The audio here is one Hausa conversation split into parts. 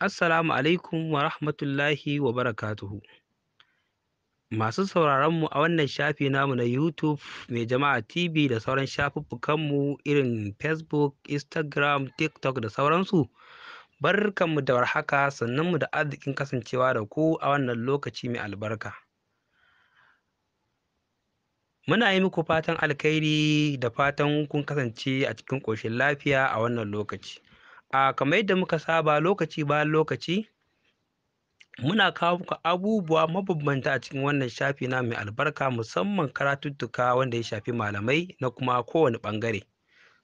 Assalamu alaikum wa rahmatullahi wa barakatuhu. Masu sauraronmu a wannan shafi namu na YouTube mai jama'a TV da sauran shafuffukanmu irin Facebook, Instagram, TikTok da sauransu. Barkanmu da warhaka sannanmu da arzikin kasancewa da ku a wannan lokaci mai albarka. Muna yi muku fatan alkhairi da fatan kun kasance a cikin ƙoshin lafiya a wannan lokaci. a kamar yadda muka saba lokaci bayan lokaci muna kawo muku abubuwa mabambanta a cikin wannan shafi na mai albarka musamman karatuttuka wanda ya shafi malamai na kuma kowane ɓangare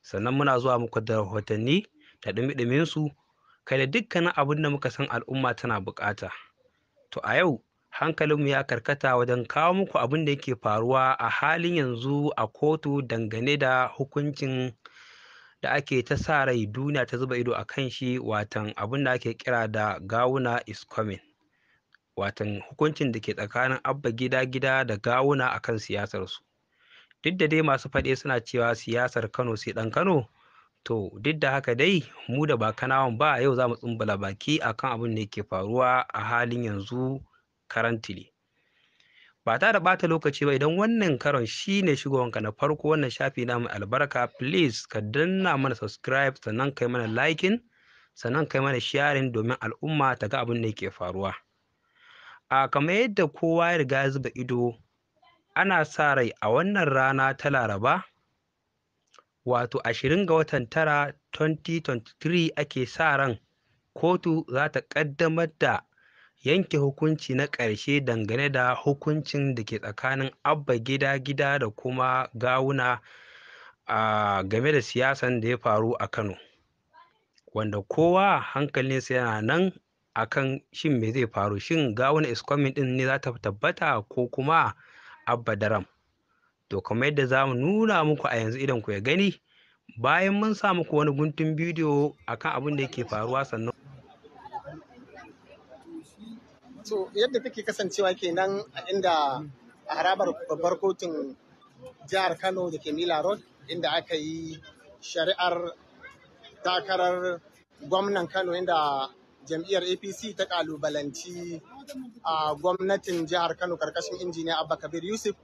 sannan muna zuwa muku da rahotanni da ɗumi su kai da dukkanin abin da muka san al'umma tana buƙata to a yau hankalinmu ya karkata wajen kawo muku abin da yake faruwa a halin yanzu a kotu dangane da hukuncin da ake ta sa rai duniya ta zuba ido a kan shi watan abin da ake kira da gawuna is coming watan hukuncin da ke tsakanin abba gida gida da gawuna a kan siyasarsu duk da dai masu faɗe suna cewa siyasar kano sai ɗan kano to duk da haka dai mu da ba kanawan ba yau za mu tsumbala baki akan abin da ke faruwa a halin yanzu karantili ba ta da ɓata lokaci ba idan wannan karon shi ne shigowanka na farko wannan shafi na mai albarka please ka danna mana subscribe sannan kai mana liking sannan kai mana sharing domin al'umma ta ga abin da yake faruwa a kamar yadda kowa ya riga zuba ido ana sa rai a wannan rana ta laraba wato 20 ga watan tara 2023 ake sa ran kotu za ta ƙaddamar da yanke hukunci na ƙarshe dangane da hukuncin da ke tsakanin abba gida gida da kuma gawuna a game da siyasan da ya faru a kano wanda kowa hankalinsa yana nan akan shin me zai faru shin gawuna iskomin din ne za ta tabbata ko kuma abba daram to kamar yadda za mu nuna muku a yanzu idan ku ya gani bayan mun sa muku wani guntun bidiyo akan abin da yake faruwa sannan So, yadda take kasancewa kenan a inda a harabar babbar kotun jihar Kano da ke Mila Road inda aka yi shari'ar takarar gwamnan Kano inda jam'iyyar APC ta kalubalanci a gwamnatin jihar Kano karkashin injiniya Abba Kabir Yusuf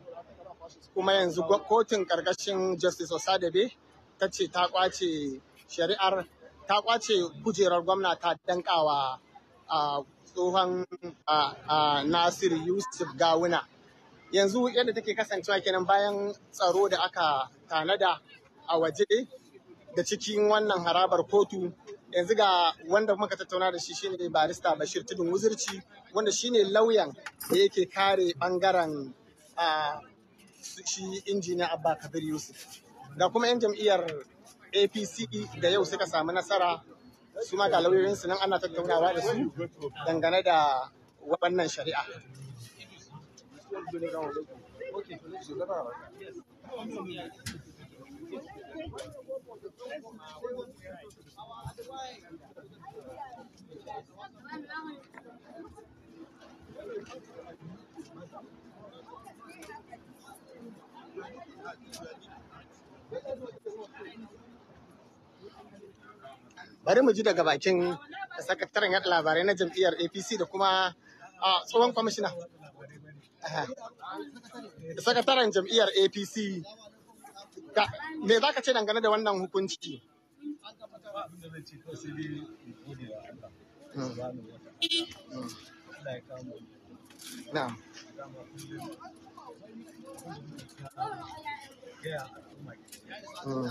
kuma yanzu kotun karkashin Justice Osadebe ta ce ta kwace shari'ar ta kwace kujerar gwamna ta dankawa A tsohon Nasir Yusuf Gawuna. Yanzu yadda take kasancewa kenan bayan tsaro da aka tanada a waje da cikin wannan harabar kotu yanzu ga wanda muka tattauna da shi shine barista Bashir Tudun Wuzirci wanda shine lauyan da yake kare bangaren shi injiniya Abba Kabir Yusuf. Da kuma 'yan jam'iyyar APC da yau suka samu nasara su ma ga su nan ana tattaunawa da su dangane da wannan shari'a. Thank bari mu ji daga bakin sakataren yada labarai na jam'iyyar apc da kuma tsohon kwamishina sakataren jam'iyyar apc me za ka ce dangane da wannan hukunci Na'am. Hmm.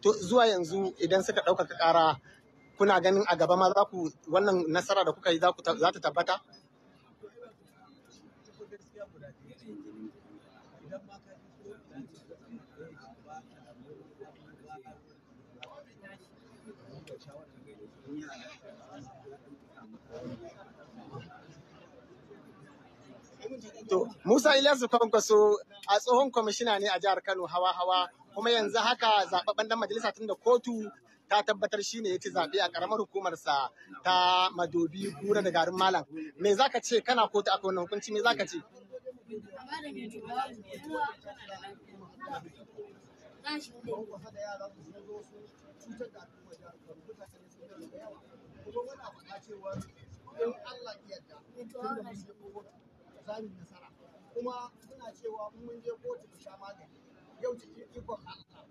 To zuwa yanzu idan suka ɗaukaka ƙara kuna ganin a gaba ma za ku wannan nasara da kuka yi za ta tabbata? To, Musa Ilyasu Kwankwaso a tsohon kwamishina ne a jihar Kano hawa-hawa kuma yanzu haka zababben dan majalisa tun da kotu ta tabbatar shi ne ya ci zaɓe a ƙaramar hukumarsa ta madobi gura da garin malam. Me za ka ce kana kotu a wannan hukunci me za ka ce? cutar da al'umma jihar Kano mutane sun da yawa kuma muna faɗa cewa in Allah ya yarda tun da mun je kotu za mu nasara kuma suna cewa mun je kotu mu sha magani yau cikin ikon Allah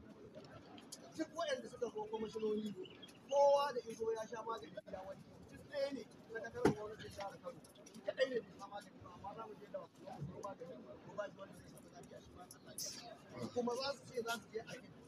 duk waɗanda suka zo kwamishinoni kowa da iso ya sha magani ya wani duk ɗaya ne sakataren gwamnatin jihar Kano kaɗai ne bai sha magani ba amma za mu je da wasu magani ko ba shi wanda zai sha magani a shi ba kuma za su ce za su je a gidi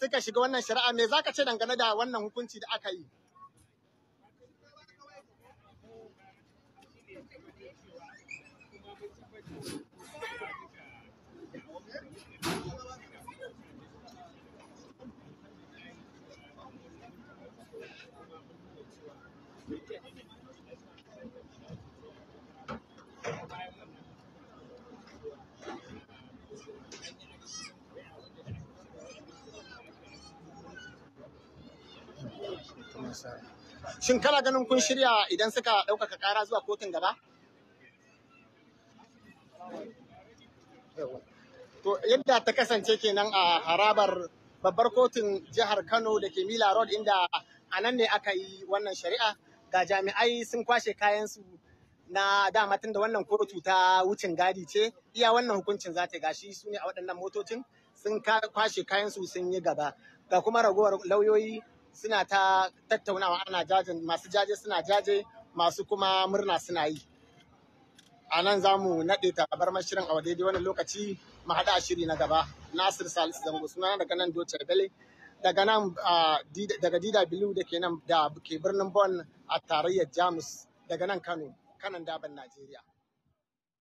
suka shiga wannan shari'a me zaka ce dangane da wannan hukunci da aka yi Shin kana ganin kun shirya idan suka ɗaukaka ƙara zuwa kotun gaba? To yadda ta kasance kenan a harabar babbar kotun jihar Kano da ke Mila Road inda a nan ne aka yi wannan shari'a ga jami'ai sun kwashe kayansu na dama tun da wannan kotu ta wucin gadi ce iya wannan hukuncin za ta gashi su ne a waɗannan motocin sun kwashe kayansu sun yi gaba ga kuma ragowar lauyoyi suna ta tattaunawa ana jaje masu jaje suna jaje masu kuma murna suna yi a nan za mu naɗe tabarmar shirin a daidai wani lokaci mu haɗa shiri na gaba nasir salisu zango suna daga nan doce bele daga nan daga dida bilu da ke nan da ke birnin bon a tarayyar jamus daga nan kano kanan daban najeriya